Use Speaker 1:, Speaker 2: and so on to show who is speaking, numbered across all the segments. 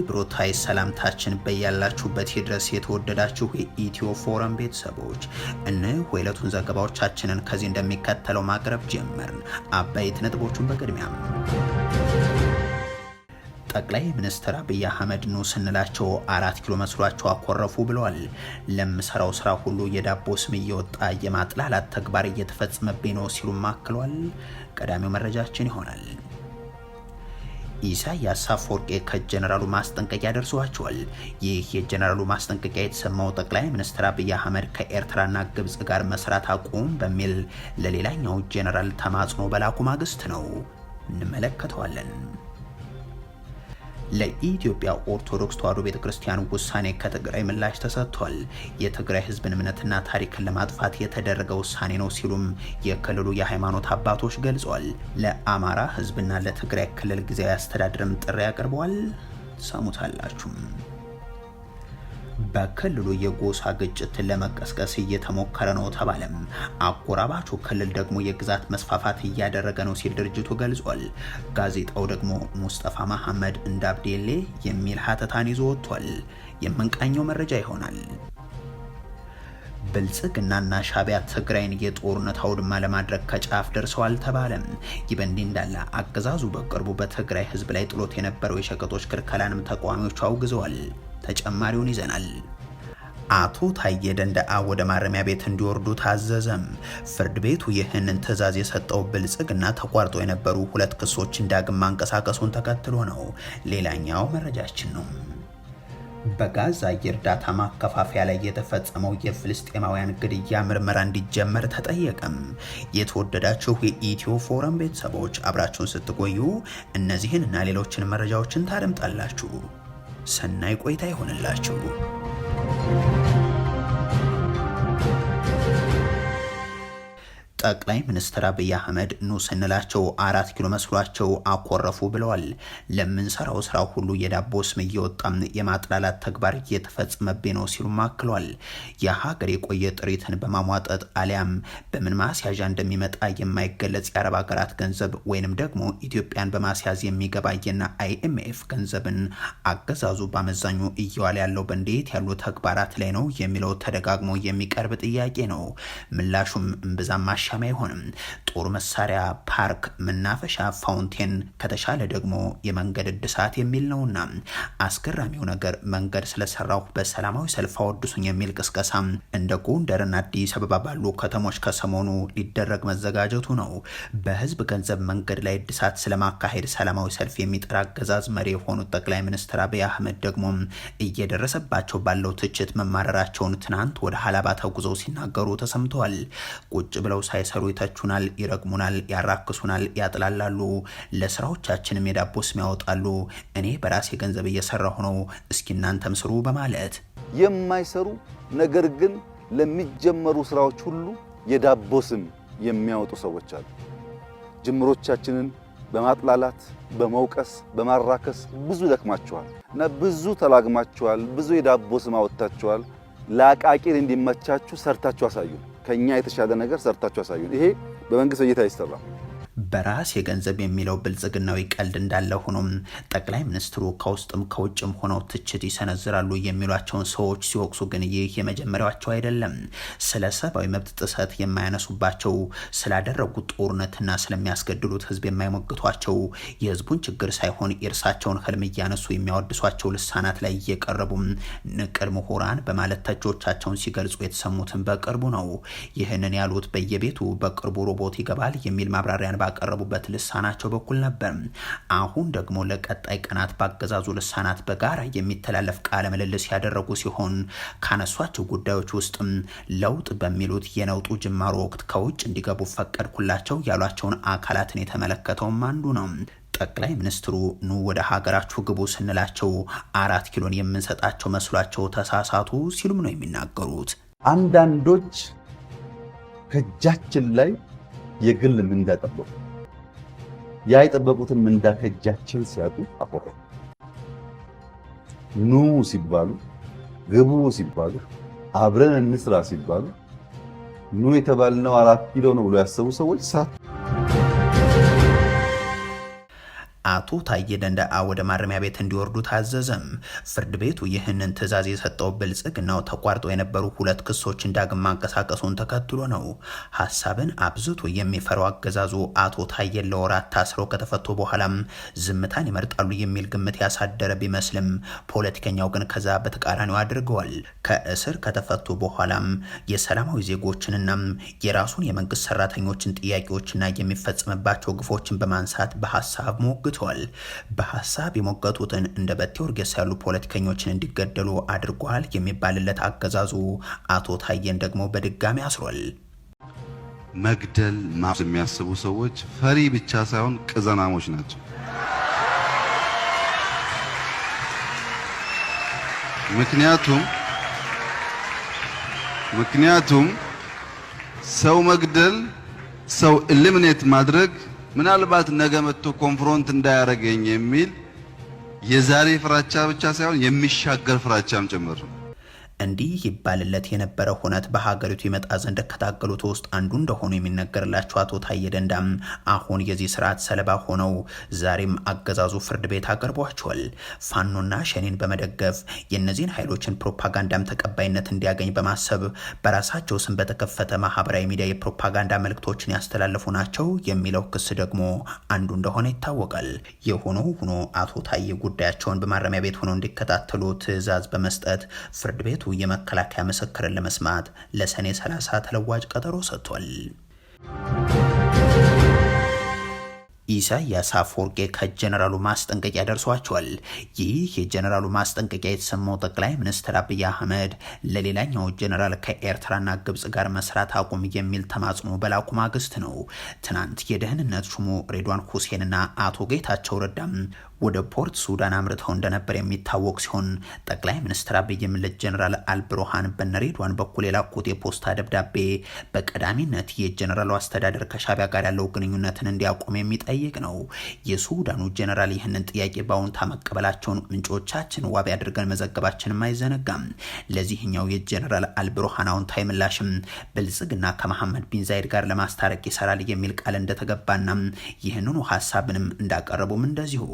Speaker 1: ክብሮታይ ሰላምታችን በያላችሁበት ይድረስ። የተወደዳችሁ የኢትዮ ፎረም ቤተሰቦች እነሆ የዕለቱን ዘገባዎቻችንን ከዚህ እንደሚከተለው ማቅረብ ጀመርን። አበይት ነጥቦቹን በቅድሚያ ጠቅላይ ሚኒስትር አብይ አህመድ ኑ ስንላቸው አራት ኪሎ መስሏቸው አኮረፉ ብለዋል። ለምሰራው ስራ ሁሉ የዳቦ ስም እየወጣ የማጥላላት ተግባር እየተፈጸመብኝ ነው ሲሉም አክለዋል። ቀዳሚው መረጃችን ይሆናል። ኢሳያስ አፈወርቄ ከጀነራሉ ማስጠንቀቂያ ደርሰዋቸዋል። ይህ የጀነራሉ ማስጠንቀቂያ የተሰማው ጠቅላይ ሚኒስትር አብይ አህመድ ከኤርትራና ግብጽ ጋር መስራት አቁም በሚል ለሌላኛው ጀነራል ተማጽኖ በላኩ ማግስት ነው። እንመለከተዋለን። ለኢትዮጵያ ኦርቶዶክስ ተዋሕዶ ቤተክርስቲያን ውሳኔ ከትግራይ ምላሽ ተሰጥቷል። የትግራይ ህዝብን እምነትና ታሪክን ለማጥፋት የተደረገ ውሳኔ ነው ሲሉም የክልሉ የሃይማኖት አባቶች ገልጿል። ለአማራ ህዝብና ለትግራይ ክልል ጊዜያዊ አስተዳደርም ጥሪ አቅርበዋል። ሰሙታላችሁም። በክልሉ የጎሳ ግጭትን ለመቀስቀስ እየተሞከረ ነው ተባለም። አጎራባቹ ክልል ደግሞ የግዛት መስፋፋት እያደረገ ነው ሲል ድርጅቱ ገልጿል። ጋዜጣው ደግሞ ሙስጠፋ መሐመድ እንዳብዴሌ የሚል ሀተታን ይዞ ወጥቷል። የምንቃኘው መረጃ ይሆናል። ብልጽግናና ሻቢያ ትግራይን የጦርነት አውድማ ለማድረግ ከጫፍ ደርሰዋል ተባለም። ይህ በእንዲህ እንዳለ አገዛዙ በቅርቡ በትግራይ ሕዝብ ላይ ጥሎት የነበረው የሸቀጦች ክልከላንም ተቃዋሚዎቹ አውግዘዋል። ተጨማሪውን ይዘናል። አቶ ታዬ ደንደአ ወደ ማረሚያ ቤት እንዲወርዱ ታዘዘም። ፍርድ ቤቱ ይህንን ትዕዛዝ የሰጠው ብልጽግና ተቋርጦ የነበሩ ሁለት ክሶችን ዳግም ማንቀሳቀሱን ተከትሎ ነው። ሌላኛው መረጃችን ነው። በጋዛ የእርዳታ ማከፋፈያ ላይ የተፈጸመው የፍልስጤማውያን ግድያ ምርመራ እንዲጀመር ተጠየቀም። የተወደዳችሁ የኢትዮ ፎረም ቤተሰቦች አብራችሁን ስትቆዩ እነዚህን እና ሌሎችን መረጃዎችን ታደምጣላችሁ። ሰናይ ቆይታ ይሆንላችሁ። ጠቅላይ ሚኒስትር አብይ አህመድ ኑ ስንላቸው አራት ኪሎ መስሏቸው አኮረፉ ብለዋል። ለምንሰራው ስራ ሁሉ የዳቦ ስም የማጥላላት ተግባር እየተፈጸመብኝ ነው ሲሉም አክሏል። የሀገር የቆየ ጥሪትን በማሟጠጥ አሊያም በምን ማስያዣ እንደሚመጣ የማይገለጽ የአረብ ሀገራት ገንዘብ ወይንም ደግሞ ኢትዮጵያን በማስያዝ የሚገባ የና አይኤምኤፍ ገንዘብን አገዛዙ በአመዛኙ እየዋለ ያለው በእንዴት ያሉ ተግባራት ላይ ነው የሚለው ተደጋግሞ የሚቀርብ ጥያቄ ነው። ምላሹም እምብዛም ማሻ መሻሻሚ አይሆንም። ጦር መሳሪያ ፓርክ፣ መናፈሻ፣ ፋውንቴን ከተሻለ ደግሞ የመንገድ እድሳት የሚል ነውና አስገራሚው ነገር መንገድ ስለሰራሁ በሰላማዊ ሰልፍ አወድሱኝ የሚል ቅስቀሳ እንደ ጎንደርና አዲስ አበባ ባሉ ከተሞች ከሰሞኑ ሊደረግ መዘጋጀቱ ነው። በህዝብ ገንዘብ መንገድ ላይ እድሳት ስለማካሄድ ሰላማዊ ሰልፍ የሚጠራ አገዛዝ መሪ የሆኑት ጠቅላይ ሚኒስትር አብይ አህመድ ደግሞ እየደረሰባቸው ባለው ትችት መማረራቸውን ትናንት ወደ ሀላባ ተጉዘው ሲናገሩ ተሰምተዋል። ቁጭ ብለው ሳይ ሳይሰሩ ይተቹናል፣ ይረግሙናል፣ ያራክሱናል፣ ያጥላላሉ፣ ለስራዎቻችንም የዳቦስም ያወጣሉ። እኔ በራሴ ገንዘብ እየሰራሁ ነው፣ እስኪ እናንተም ስሩ በማለት
Speaker 2: የማይሰሩ ነገር ግን ለሚጀመሩ ስራዎች ሁሉ የዳቦስም የሚያወጡ ሰዎች አሉ። ጅምሮቻችንን በማጥላላት በመውቀስ በማራከስ ብዙ ደክማችኋል እና ብዙ ተላግማችኋል። ብዙ የዳቦ ስም አወጥታችኋል። ለአቃቂር እንዲመቻችሁ ሰርታችሁ አሳዩ። ከኛ የተሻለ ነገር ሰርታችሁ አሳዩን። ይሄ በመንግስት እይታ አይሰራም።
Speaker 1: በራስ የገንዘብ የሚለው ብልጽግናዊ ቀልድ እንዳለ ሆኖም ጠቅላይ ሚኒስትሩ ከውስጥም ከውጭም ሆነው ትችት ይሰነዝራሉ የሚሏቸውን ሰዎች ሲወቅሱ ግን ይህ የመጀመሪያቸው አይደለም። ስለ ሰብአዊ መብት ጥሰት የማያነሱባቸው፣ ስላደረጉት ጦርነትና ስለሚያስገድሉት ህዝብ የማይሞግቷቸው፣ የህዝቡን ችግር ሳይሆን የእርሳቸውን ህልም እያነሱ የሚያወድሷቸው ልሳናት ላይ እየቀረቡ ንቅል ምሁራን በማለት ተቾቻቸውን ሲገልጹ የተሰሙትን በቅርቡ ነው። ይህንን ያሉት በየቤቱ በቅርቡ ሮቦት ይገባል የሚል ማብራሪያን ባቀረቡበት ልሳናቸው በኩል ነበር። አሁን ደግሞ ለቀጣይ ቀናት በአገዛዙ ልሳናት በጋራ የሚተላለፍ ቃለ ምልልስ ያደረጉ ሲሆን ካነሷቸው ጉዳዮች ውስጥም ለውጥ በሚሉት የነውጡ ጅማሮ ወቅት ከውጭ እንዲገቡ ፈቀድኩላቸው ያሏቸውን አካላትን የተመለከተውም አንዱ ነው። ጠቅላይ ሚኒስትሩ ኑ ወደ ሀገራችሁ ግቡ ስንላቸው አራት ኪሎን የምንሰጣቸው መስሏቸው ተሳሳቱ ሲሉም ነው የሚናገሩት።
Speaker 2: አንዳንዶች ከእጃችን ላይ የግል ምንዳ ጠበቁ። ያ የጠበቁትን ምንዳ ከእጃችን ሲያጡ አቆረ። ኑ ሲባሉ፣ ግቡ ሲባሉ፣ አብረን እንስራ ሲባሉ ኑ የተባልነው አራት ኪሎ ነው ብሎ ያሰቡ ሰዎች ሳት
Speaker 1: አቶ ታዬ ደንደአ ወደ ማረሚያ ቤት እንዲወርዱ ታዘዘም። ፍርድ ቤቱ ይህንን ትዕዛዝ የሰጠው ብልጽግናው ተቋርጦ የነበሩ ሁለት ክሶችን ዳግም ማንቀሳቀሱን ተከትሎ ነው። ሀሳብን አብዝቶ የሚፈራው አገዛዙ አቶ ታዬን ለወራት ታስረው ከተፈቶ በኋላም ዝምታን ይመርጣሉ የሚል ግምት ያሳደረ ቢመስልም ፖለቲከኛው ግን ከዛ በተቃራኒው አድርገዋል። ከእስር ከተፈቱ በኋላም የሰላማዊ ዜጎችንና የራሱን የመንግስት ሰራተኞችን ጥያቄዎችና የሚፈጸምባቸው ግፎችን በማንሳት በሀሳብ ሞግቶ አሳይቷል። በሀሳብ የሞገቱትን እንደ በቴ ኡርጌሳ ያሉ ፖለቲከኞችን እንዲገደሉ አድርጓል የሚባልለት አገዛዙ አቶ ታዬን ደግሞ በድጋሚ አስሯል።
Speaker 2: መግደል ማዝ የሚያስቡ ሰዎች ፈሪ ብቻ ሳይሆን ቅዘናሞች ናቸው። ምክንያቱም ምክንያቱም ሰው መግደል ሰው ኢሊሚኔት ማድረግ ምናልባት ነገ መጥቶ ኮንፍሮንት እንዳያደርገኝ የሚል የዛሬ ፍራቻ ብቻ ሳይሆን የሚሻገር ፍራቻም ጭምር ነው።
Speaker 1: እንዲህ ይባልለት የነበረ ሁነት በሀገሪቱ ይመጣ ዘንድ ከታገሉት ውስጥ አንዱ እንደሆኑ የሚነገርላቸው አቶ ታየ ደንዳም አሁን የዚህ ስርዓት ሰለባ ሆነው ዛሬም አገዛዙ ፍርድ ቤት አቅርቧቸዋል። ፋኖና ሸኔን በመደገፍ የእነዚህን ኃይሎችን ፕሮፓጋንዳም ተቀባይነት እንዲያገኝ በማሰብ በራሳቸው ስም በተከፈተ ማህበራዊ ሚዲያ የፕሮፓጋንዳ መልእክቶችን ያስተላለፉ ናቸው የሚለው ክስ ደግሞ አንዱ እንደሆነ ይታወቃል። የሆኖ ሆኖ አቶ ታየ ጉዳያቸውን በማረሚያ ቤት ሆነው እንዲከታተሉ ትዕዛዝ በመስጠት ፍርድ ቤቱ የመከላከያ ምስክርን ለመስማት ለሰኔ 30 ተለዋጭ ቀጠሮ ሰጥቷል። ኢሳያስ አፈወርቄ ከጀነራሉ ማስጠንቀቂያ ደርሷቸዋል። ይህ የጀነራሉ ማስጠንቀቂያ የተሰማው ጠቅላይ ሚኒስትር አብይ አህመድ ለሌላኛው ጀነራል ከኤርትራና ግብጽ ጋር መስራት አቁም የሚል ተማጽኖ በላኩ ማግስት ነው። ትናንት የደህንነት ሹሙ ሬድዋን ሁሴንና አቶ ጌታቸው ረዳም ወደ ፖርት ሱዳን አምርተው እንደነበር የሚታወቅ ሲሆን ጠቅላይ ሚኒስትር ምልት ጀኔራል አልብሮሃን በነሬድዋን በኩል የላኩት የፖስታ ደብዳቤ በቀዳሚነት የጀኔራሉ አስተዳደር ከሻቢያ ጋር ያለው ግንኙነትን እንዲያቆም የሚጠይቅ ነው። የሱዳኑ ጀኔራል ይህንን ጥያቄ በአዎንታ መቀበላቸውን ምንጮቻችን ዋቢ አድርገን መዘገባችንም አይዘነጋም። ለዚህኛው የጀኔራል አልብሩሃን አዎንታዊ ምላሽም ብልጽግና ከመሐመድ ቢን ዛይድ ጋር ለማስታረቅ ይሰራል የሚል ቃል እንደተገባና ይህንኑ ሀሳብንም እንዳቀረቡም እንደዚሁ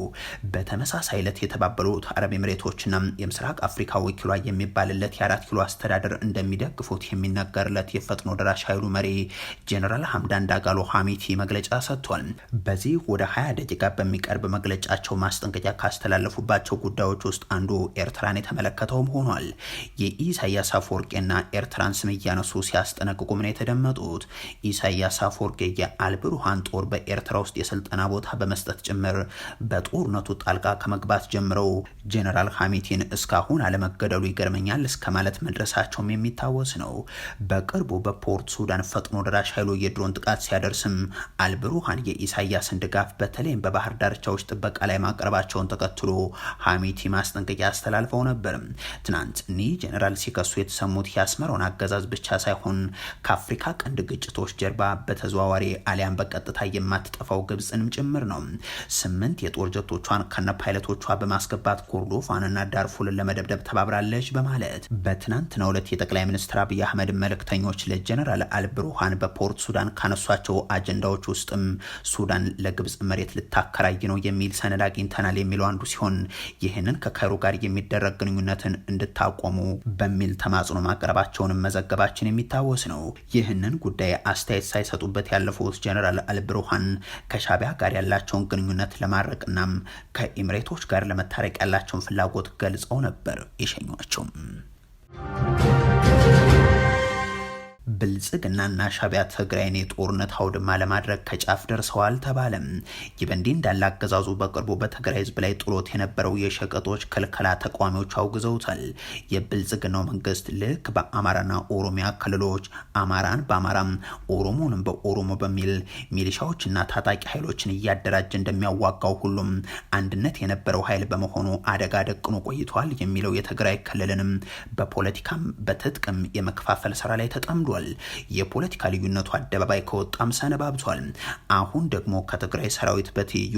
Speaker 1: በተመሳሳይ ዕለት የተባበሩት አረብ ኤምሬቶችና የምስራቅ አፍሪካ ወኪሏ የሚባልለት የአራት ኪሎ አስተዳደር እንደሚደግፉት የሚነገርለት የፈጥኖ ደራሽ ኃይሉ መሪ ጀኔራል ሀምዳን ዳጋሎ ሀሚቲ መግለጫ ሰጥቷል። በዚህ ወደ 20 ደቂቃ በሚቀርብ መግለጫቸው ማስጠንቀቂያ ካስተላለፉባቸው ጉዳዮች ውስጥ አንዱ ኤርትራን የተመለከተውም ሆኗል። የኢሳያስ አፈወርቄና ኤርትራን ስም እያነሱ ሲያስጠነቅቁም ነው የተደመጡት። ኢሳያስ አፈወርቄ የአልብሩሃን ጦር በኤርትራ ውስጥ የስልጠና ቦታ በመስጠት ጭምር በጦርነቱ መንግስታቱ ጣልቃ ከመግባት ጀምረው ጄኔራል ሐሚቲን እስካሁን አለመገደሉ ይገርመኛል እስከ ማለት መድረሳቸውም የሚታወስ ነው። በቅርቡ በፖርት ሱዳን ፈጥኖ ደራሽ ኃይሉ የድሮን ጥቃት ሲያደርስም አልብሩሃን የኢሳያስን ድጋፍ በተለይም በባህር ዳርቻዎች ጥበቃ ላይ ማቅረባቸውን ተከትሎ ሐሚቲ ማስጠንቀቂያ አስተላልፈው ነበር። ትናንት እኒህ ጄኔራል ሲከሱ የተሰሙት የአስመራውን አገዛዝ ብቻ ሳይሆን ከአፍሪካ ቀንድ ግጭቶች ጀርባ በተዘዋዋሪ አሊያም በቀጥታ የማትጠፋው ግብፅንም ጭምር ነው። ስምንት የጦር ጀቶቿ ኃይሎቿን ከነ ፓይለቶቿ በማስገባት ኮርዶፋንና ዳርፉልን ለመደብደብ ተባብራለች በማለት በትናንትናው ዕለት የጠቅላይ ሚኒስትር አብይ አህመድ መልእክተኞች ለጀነራል አልብሩሃን በፖርት ሱዳን ካነሷቸው አጀንዳዎች ውስጥም ሱዳን ለግብፅ መሬት ልታከራይ ነው የሚል ሰነድ አግኝተናል የሚለው አንዱ ሲሆን ይህንን ከካይሮ ጋር የሚደረግ ግንኙነትን እንድታቆሙ በሚል ተማጽኖ ማቅረባቸውንም መዘገባችን የሚታወስ ነው። ይህንን ጉዳይ አስተያየት ሳይሰጡበት ያለፉት ጀነራል አልብሩሃን ከሻቢያ ጋር ያላቸውን ግንኙነት ለማድረቅናም ከኢምሬቶች ጋር ለመታረቅ ያላቸውን ፍላጎት ገልጸው ነበር የሸኟቸው። ብልጽግናና ሻቢያ ትግራይን የጦርነት አውድማ ለማድረግ ከጫፍ ደርሰዋል ተባለም። ይህ በእንዲህ እንዳለ አገዛዙ በቅርቡ በትግራይ ህዝብ ላይ ጥሎት የነበረው የሸቀጦች ክልከላ ተቃዋሚዎች አውግዘውታል። የብልጽግናው መንግስት ልክ በአማራና ኦሮሚያ ክልሎች አማራን በአማራም ኦሮሞንም በኦሮሞ በሚል ሚሊሻዎችና ታጣቂ ኃይሎችን እያደራጀ እንደሚያዋጋው ሁሉም አንድነት የነበረው ኃይል በመሆኑ አደጋ ደቅኖ ቆይቷል የሚለው የትግራይ ክልልንም በፖለቲካም በትጥቅም የመከፋፈል ስራ ላይ ተጠምዷል። ተናግረዋል። የፖለቲካ ልዩነቱ አደባባይ ከወጣም ሰነባብቷል። አሁን ደግሞ ከትግራይ ሰራዊት በትይዩ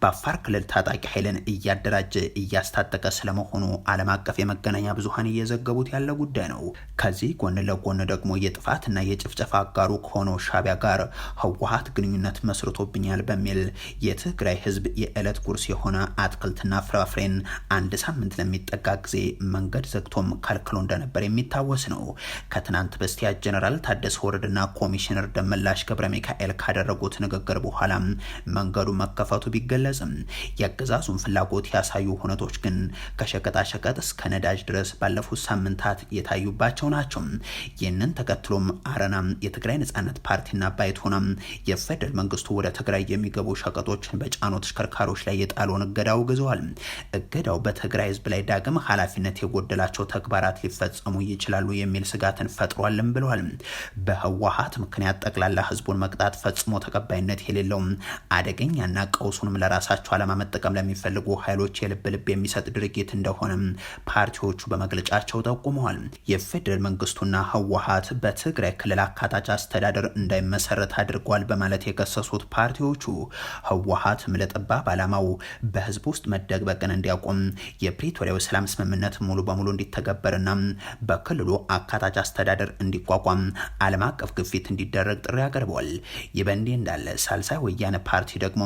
Speaker 1: በአፋር ክልል ታጣቂ ኃይልን እያደራጀ እያስታጠቀ ስለመሆኑ ዓለም አቀፍ የመገናኛ ብዙሀን እየዘገቡት ያለ ጉዳይ ነው። ከዚህ ጎን ለጎን ደግሞ የጥፋትና የጭፍጨፋ አጋሩ ከሆነው ሻቢያ ጋር ህወሀት ግንኙነት መስርቶብኛል በሚል የትግራይ ህዝብ የዕለት ጉርስ የሆነ አትክልትና ፍራፍሬን አንድ ሳምንት ለሚጠጋ ጊዜ መንገድ ዘግቶም ከልክሎ እንደነበር የሚታወስ ነው። ከትናንት በስቲያ ጀነራል ጄኔራል ታደሰ ወረደና ኮሚሽነር ደመላሽ ገብረ ሚካኤል ካደረጉት ንግግር በኋላ መንገዱ መከፈቱ ቢገለጽም የአገዛዙን ፍላጎት ያሳዩ ሁነቶች ግን ከሸቀጣሸቀጥ እስከ ነዳጅ ድረስ ባለፉት ሳምንታት የታዩባቸው ናቸው። ይህንን ተከትሎም አረና የትግራይ ነጻነት ፓርቲና ባይቶና የፌደራል መንግስቱ ወደ ትግራይ የሚገቡ ሸቀጦች በጫኑ ተሽከርካሪዎች ላይ የጣለውን እገዳ አውግዘዋል። እገዳው በትግራይ ህዝብ ላይ ዳግም ኃላፊነት የጎደላቸው ተግባራት ሊፈጸሙ ይችላሉ የሚል ስጋትን ፈጥሯልም ብለዋል። በህወሀት ምክንያት ጠቅላላ ህዝቡን መቅጣት ፈጽሞ ተቀባይነት የሌለውም አደገኛና ቀውሱንም ለራሳቸው ዓላማ መጠቀም ለሚፈልጉ ኃይሎች የልብ ልብ የሚሰጥ ድርጊት እንደሆነም ፓርቲዎቹ በመግለጫቸው ጠቁመዋል። የፌዴራል መንግስቱና ህወሀት በትግራይ ክልል አካታች አስተዳደር እንዳይመሰረት አድርጓል በማለት የከሰሱት ፓርቲዎቹ ህወሀት ለጠባብ ዓላማው በህዝብ ውስጥ መደግበቅን እንዲያቆም የፕሪቶሪያው ሰላም ስምምነት ሙሉ በሙሉ እንዲተገበርና በክልሉ አካታች አስተዳደር እንዲቋቋም ዓለም አቀፍ ግፊት እንዲደረግ ጥሪ አቅርቧል። ይህ በእንዲህ እንዳለ ሳልሳይ ወያነ ፓርቲ ደግሞ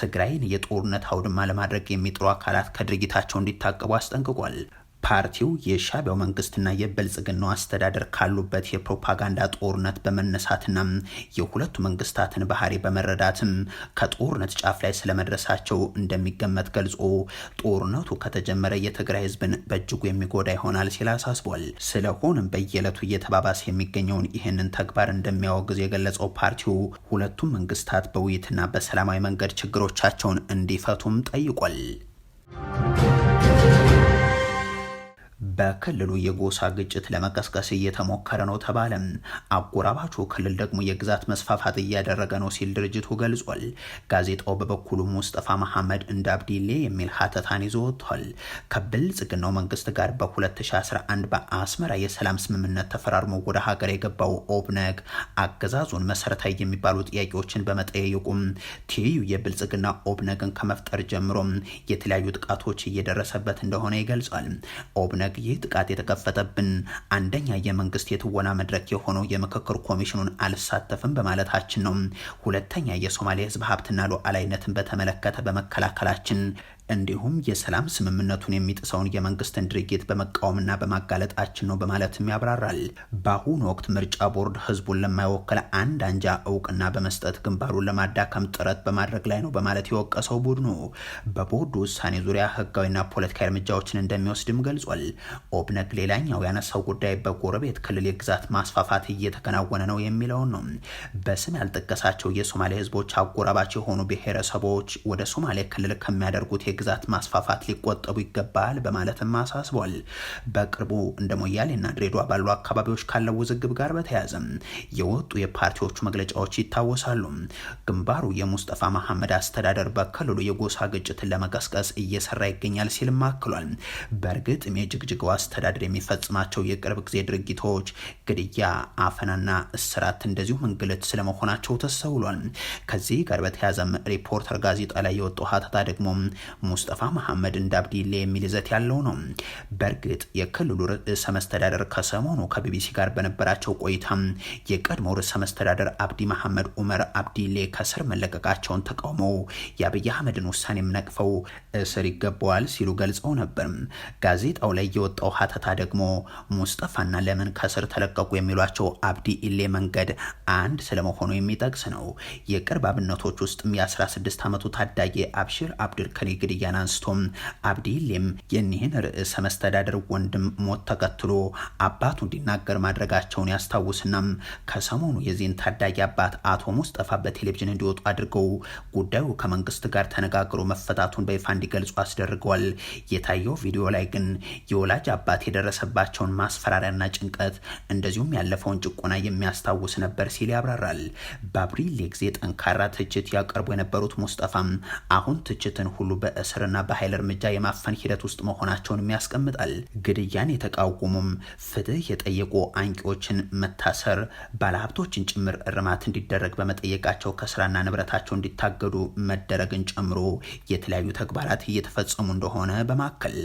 Speaker 1: ትግራይን የጦርነት አውድማ ለማድረግ የሚጥሩ አካላት ከድርጊታቸው እንዲታቀቡ አስጠንቅቋል። ፓርቲው የሻቢያው መንግስትና የብልጽግናው አስተዳደር ካሉበት የፕሮፓጋንዳ ጦርነት በመነሳትና የሁለቱ መንግስታትን ባህሪ በመረዳትም ከጦርነት ጫፍ ላይ ስለመድረሳቸው እንደሚገመት ገልጾ ጦርነቱ ከተጀመረ የትግራይ ህዝብን በእጅጉ የሚጎዳ ይሆናል ሲል አሳስቧል። ስለሆነም በየዕለቱ እየተባባሰ የሚገኘውን ይህንን ተግባር እንደሚያወግዝ የገለጸው ፓርቲው ሁለቱም መንግስታት በውይይትና በሰላማዊ መንገድ ችግሮቻቸውን እንዲፈቱም ጠይቋል። በክልሉ የጎሳ ግጭት ለመቀስቀስ እየተሞከረ ነው ተባለም። አጎራባቹ ክልል ደግሞ የግዛት መስፋፋት እያደረገ ነው ሲል ድርጅቱ ገልጿል። ጋዜጣው በበኩሉ ሙስጠፋ መሐመድ እንደ አብዲሌ የሚል ሀተታን ይዞ ወጥቷል። ከብልጽግናው መንግስት ጋር በ2011 በአስመራ የሰላም ስምምነት ተፈራርሞ ወደ ሀገር የገባው ኦብነግ አገዛዙን መሰረታዊ የሚባሉ ጥያቄዎችን በመጠየቁም ትይዩ የብልጽግና ኦብነግን ከመፍጠር ጀምሮ የተለያዩ ጥቃቶች እየደረሰበት እንደሆነ ይገልጿል። ኦብነግ በመፈለግ ይህ ጥቃት የተከፈተብን አንደኛ የመንግስት የትወና መድረክ የሆነው የምክክር ኮሚሽኑን አልሳተፍም በማለታችን ነው። ሁለተኛ የሶማሌ ህዝብ ሀብትና ሉዓላዊነትን በተመለከተ በመከላከላችን እንዲሁም የሰላም ስምምነቱን የሚጥሰውን የመንግስትን ድርጊት በመቃወምና በማጋለጣችን ነው በማለትም ያብራራል። በአሁኑ ወቅት ምርጫ ቦርድ ህዝቡን ለማይወክል አንድ አንጃ እውቅና በመስጠት ግንባሩን ለማዳከም ጥረት በማድረግ ላይ ነው በማለት የወቀሰው ቡድኑ በቦርዱ ውሳኔ ዙሪያ ህጋዊና ፖለቲካዊ እርምጃዎችን እንደሚወስድም ገልጿል። ኦብነግ ሌላኛው ያነሳው ጉዳይ በጎረቤት ክልል የግዛት ማስፋፋት እየተከናወነ ነው የሚለውን ነው። በስም ያልጠቀሳቸው የሶማሌ ህዝቦች አጎራባች የሆኑ ብሔረሰቦች ወደ ሶማሌ ክልል ከሚያደርጉት የግዛት ማስፋፋት ሊቆጠቡ ይገባል በማለትም አሳስቧል። በቅርቡ እንደ ሞያሌና ድሬዳዋ ባሉ አካባቢዎች ካለው ውዝግብ ጋር በተያያዘ የወጡ የፓርቲዎቹ መግለጫዎች ይታወሳሉ። ግንባሩ የሙስጠፋ መሐመድ አስተዳደር በክልሉ የጎሳ ግጭትን ለመቀስቀስ እየሰራ ይገኛል ሲልም አክሏል። በእርግጥም የጅግጅጋው አስተዳደር የሚፈጽማቸው የቅርብ ጊዜ ድርጊቶች ግድያ፣ አፈናና እስራት እንደዚሁም እንግልት ስለመሆናቸው ተሰውሏል። ከዚህ ጋር በተያያዘም ሪፖርተር ጋዜጣ ላይ የወጡ ሀተታ ደግሞ ሙስጠፋ መሐመድ እንዳብዲሌ የሚል ይዘት ያለው ነው። በእርግጥ የክልሉ ርዕሰ መስተዳደር ከሰሞኑ ከቢቢሲ ጋር በነበራቸው ቆይታ የቀድሞ ርዕሰ መስተዳደር አብዲ መሐመድ ኡመር አብዲሌ ከስር መለቀቃቸውን ተቃውመው የአብይ አህመድን ውሳኔም ነቅፈው እስር ይገባዋል ሲሉ ገልጸው ነበር። ጋዜጣው ላይ የወጣው ሀተታ ደግሞ ሙስጠፋና ለምን ከስር ተለቀቁ የሚሏቸው አብዲ ኢሌ መንገድ አንድ ስለመሆኑ የሚጠቅስ ነው። የቅርብ አብነቶች ውስጥም የ16 ዓመቱ ታዳጊ አብሽር አብዱል ግድያን አንስቶም አብዲሌም የኒህን ርዕሰ መስተዳደር ወንድም ሞት ተከትሎ አባቱ እንዲናገር ማድረጋቸውን ያስታውስናም ከሰሞኑ የዚህን ታዳጊ አባት አቶ ሙስጠፋ በቴሌቪዥን እንዲወጡ አድርገው ጉዳዩ ከመንግስት ጋር ተነጋግሮ መፈታቱን በይፋ እንዲገልጹ አስደርገዋል። የታየው ቪዲዮ ላይ ግን የወላጅ አባት የደረሰባቸውን ማስፈራሪያና ጭንቀት እንደዚሁም ያለፈውን ጭቆና የሚያስታውስ ነበር ሲል ያብራራል። በአብሪሌ ጊዜ ጠንካራ ትችት ያቀርቡ የነበሩት ሙስጠፋም አሁን ትችትን ሁሉ በእ በእስርና በኃይል እርምጃ የማፈን ሂደት ውስጥ መሆናቸውንም ያስቀምጣል። ግድያን የተቃወሙም ፍትህ የጠየቁ አንቂዎችን መታሰር፣ ባለሀብቶችን ጭምር እርማት እንዲደረግ በመጠየቃቸው ከስራና ንብረታቸው እንዲታገዱ መደረግን ጨምሮ የተለያዩ ተግባራት እየተፈጸሙ እንደሆነ በማከል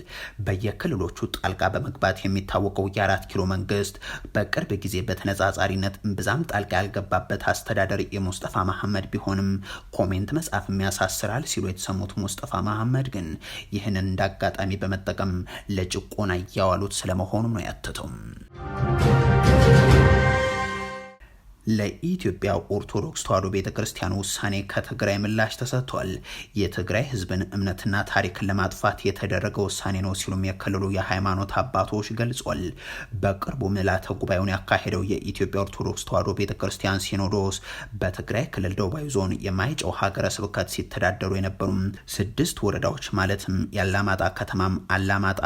Speaker 1: በየክልሎቹ ጣልቃ በመግባት የሚታወቀው የአራት ኪሎ መንግስት በቅርብ ጊዜ በተነጻጻሪነት እምብዛም ጣልቃ ያልገባበት አስተዳደር የሙስጠፋ መሐመድ ቢሆንም ኮሜንት መጻፍ የሚያሳስራል ሲሉ የተሰሙት ሙስጠፋ መሐመድ መሐመድ ግን ይህንን እንዳጋጣሚ በመጠቀም ለጭቆና እያዋሉት ስለመሆኑ ነው ያተተው። ለኢትዮጵያ ኦርቶዶክስ ተዋሕዶ ቤተ ክርስቲያን ውሳኔ ከትግራይ ምላሽ ተሰጥቷል። የትግራይ ህዝብን እምነትና ታሪክን ለማጥፋት የተደረገ ውሳኔ ነው ሲሉም የክልሉ የሃይማኖት አባቶች ገልጿል። በቅርቡ ምልዓተ ጉባኤውን ያካሄደው የኢትዮጵያ ኦርቶዶክስ ተዋሕዶ ቤተ ክርስቲያን ሲኖዶስ በትግራይ ክልል ደቡባዊ ዞን የማይጨው ሀገረ ስብከት ሲተዳደሩ የነበሩም ስድስት ወረዳዎች ማለትም የአላማጣ ከተማም አላማጣ፣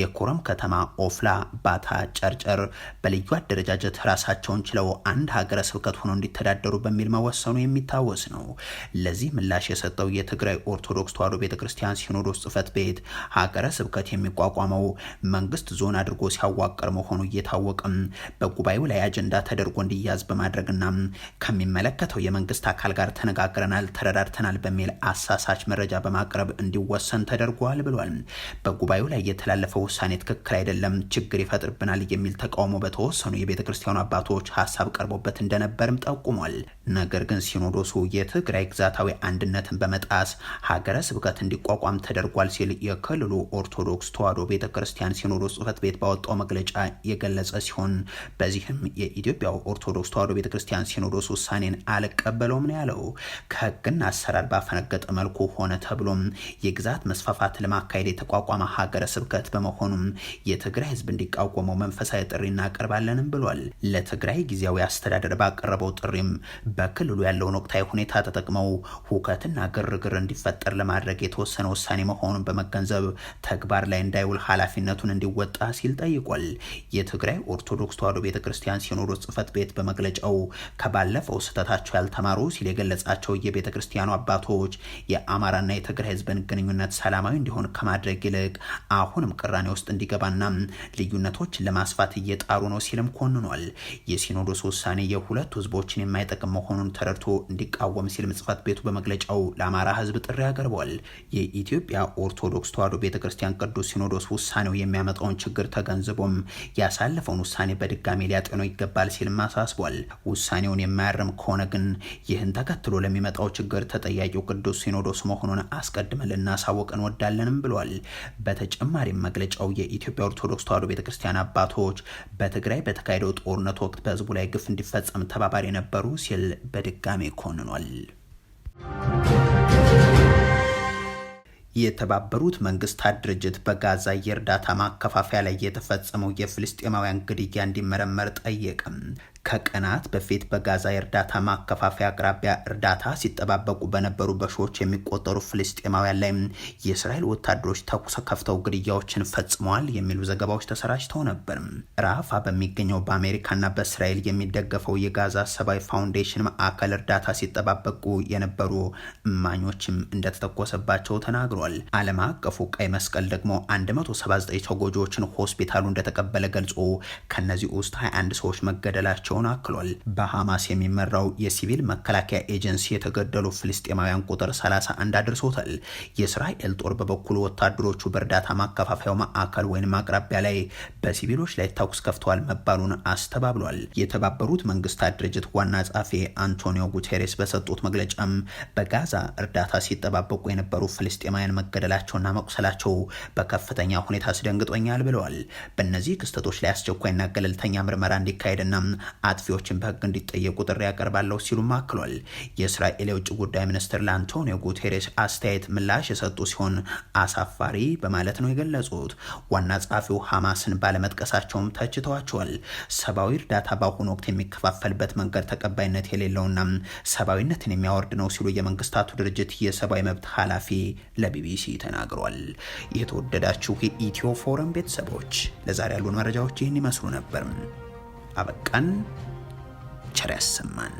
Speaker 1: የኮረም ከተማ፣ ኦፍላ፣ ባታ፣ ጨርጨር በልዩ አደረጃጀት ራሳቸውን ችለው አንድ ሀገረ ስብከት ሆነው እንዲተዳደሩ በሚል መወሰኑ የሚታወስ ነው። ለዚህ ምላሽ የሰጠው የትግራይ ኦርቶዶክስ ተዋሕዶ ቤተክርስቲያን ሲኖዶስ ጽሕፈት ቤት ሀገረ ስብከት የሚቋቋመው መንግስት ዞን አድርጎ ሲያዋቀር መሆኑ እየታወቀም በጉባኤው ላይ አጀንዳ ተደርጎ እንዲያዝ በማድረግና ከሚመለከተው የመንግስት አካል ጋር ተነጋግረናል፣ ተረዳድተናል በሚል አሳሳች መረጃ በማቅረብ እንዲወሰን ተደርጓል ብሏል። በጉባኤው ላይ የተላለፈው ውሳኔ ትክክል አይደለም፣ ችግር ይፈጥርብናል የሚል ተቃውሞ በተወሰኑ የቤተክርስቲያኑ አባቶች ሀሳብ ቀርቦበት እንደነበርም ጠቁሟል። ነገር ግን ሲኖዶሱ የትግራይ ግዛታዊ አንድነትን በመጣስ ሀገረ ስብከት እንዲቋቋም ተደርጓል ሲል የክልሉ ኦርቶዶክስ ተዋሕዶ ቤተ ክርስቲያን ሲኖዶስ ጽሕፈት ቤት ባወጣው መግለጫ የገለጸ ሲሆን በዚህም የኢትዮጵያ ኦርቶዶክስ ተዋሕዶ ቤተ ክርስቲያን ሲኖዶስ ውሳኔን አልቀበለውም ነው ያለው። ከሕግና አሰራር ባፈነገጠ መልኩ ሆነ ተብሎም የግዛት መስፋፋት ለማካሄድ የተቋቋመ ሀገረ ስብከት በመሆኑም የትግራይ ሕዝብ እንዲቋቋመው መንፈሳዊ ጥሪ እናቀርባለንም ብሏል። ለትግራይ ጊዜያዊ አስተዳደር ባቀረበው ጥሪም በክልሉ ያለውን ወቅታዊ ሁኔታ ተጠቅመው ሁከትና ግርግር እንዲፈጠር ለማድረግ የተወሰነ ውሳኔ መሆኑን በመገንዘብ ተግባር ላይ እንዳይውል ኃላፊነቱን እንዲወጣ ሲል ጠይቋል። የትግራይ ኦርቶዶክስ ተዋሕዶ ቤተ ክርስቲያን ሲኖዶስ ጽሕፈት ቤት በመግለጫው ከባለፈው ስህተታቸው ያልተማሩ ሲል የገለጻቸው የቤተ ክርስቲያኑ አባቶች የአማራና የትግራይ ህዝብን ግንኙነት ሰላማዊ እንዲሆን ከማድረግ ይልቅ አሁንም ቅራኔ ውስጥ እንዲገባና ልዩነቶችን ለማስፋት እየጣሩ ነው ሲልም ኮንኗል። የሲኖዶስ ውሳኔ የሁለቱ ህዝቦችን የማይጠቅም መሆኑን ተረድቶ እንዲቃወም ሲልም ጽፈት ቤቱ በመግለጫው ለአማራ ህዝብ ጥሪ አቀርቧል። የኢትዮጵያ ኦርቶዶክስ ተዋህዶ ቤተ ክርስቲያን ቅዱስ ሲኖዶስ ውሳኔው የሚያመጣውን ችግር ተገንዝቦም ያሳለፈውን ውሳኔ በድጋሚ ሊያጤነው ይገባል ሲልም አሳስቧል። ውሳኔውን የማያርም ከሆነ ግን ይህን ተከትሎ ለሚመጣው ችግር ተጠያቂው ቅዱስ ሲኖዶስ መሆኑን አስቀድመን ልናሳወቅ እንወዳለንም ብሏል። በተጨማሪም መግለጫው የኢትዮጵያ ኦርቶዶክስ ተዋሕዶ ቤተ ክርስቲያን አባቶች በትግራይ በተካሄደው ጦርነት ወቅት በህዝቡ ላይ ግፍ እንዲፈጸም ተባባሪ ነበሩ ሲል በድጋሜ ኮንኗል። የተባበሩት መንግስታት ድርጅት በጋዛ የእርዳታ ማከፋፈያ ላይ የተፈጸመው የፍልስጤማውያን ግድያ እንዲመረመር ጠየቅም። ከቀናት በፊት በጋዛ የእርዳታ ማከፋፈያ አቅራቢያ እርዳታ ሲጠባበቁ በነበሩ በሺዎች የሚቆጠሩ ፍልስጤማውያን ላይ የእስራኤል ወታደሮች ተኩስ ከፍተው ግድያዎችን ፈጽመዋል የሚሉ ዘገባዎች ተሰራጭተው ነበር። ራፋ በሚገኘው በአሜሪካና በእስራኤል የሚደገፈው የጋዛ ሰብአዊ ፋውንዴሽን ማዕከል እርዳታ ሲጠባበቁ የነበሩ እማኞችም እንደተተኮሰባቸው ተናግሯል። ዓለም አቀፉ ቀይ መስቀል ደግሞ 179 ተጎጂዎችን ሆስፒታሉ እንደተቀበለ ገልጾ ከነዚህ ውስጥ 21 ሰዎች መገደላቸው መሆናቸውን አክሏል። በሐማስ የሚመራው የሲቪል መከላከያ ኤጀንሲ የተገደሉ ፍልስጤማውያን ቁጥር 31 አድርሶታል። የእስራኤል ጦር በበኩሉ ወታደሮቹ በእርዳታ ማከፋፈያው ማዕከል ወይም አቅራቢያ ላይ በሲቪሎች ላይ ተኩስ ከፍተዋል መባሉን አስተባብሏል። የተባበሩት መንግስታት ድርጅት ዋና ጸሐፊ አንቶኒዮ ጉቴሬስ በሰጡት መግለጫም በጋዛ እርዳታ ሲጠባበቁ የነበሩ ፍልስጤማውያን መገደላቸውና መቁሰላቸው በከፍተኛ ሁኔታ አስደንግጦኛል ብለዋል። በእነዚህ ክስተቶች ላይ አስቸኳይና ገለልተኛ ምርመራ እንዲካሄድና አጥፊዎችን በህግ እንዲጠየቁ ጥሪ ያቀርባለሁ ሲሉም አክሏል። የእስራኤል የውጭ ጉዳይ ሚኒስትር ለአንቶኒዮ ጉቴሬስ አስተያየት ምላሽ የሰጡ ሲሆን አሳፋሪ በማለት ነው የገለጹት። ዋና ጸሐፊው ሐማስን ባለመጥቀሳቸውም ተችተዋቸዋል። ሰብአዊ እርዳታ በአሁኑ ወቅት የሚከፋፈልበት መንገድ ተቀባይነት የሌለውና ሰብአዊነትን የሚያወርድ ነው ሲሉ የመንግስታቱ ድርጅት የሰብአዊ መብት ኃላፊ ለቢቢሲ ተናግሯል። የተወደዳችሁ የኢትዮ ፎረም ቤተሰቦች ለዛሬ ያሉን መረጃዎች ይህን ይመስሉ ነበር። አበቃን። ቸር ያሰማን።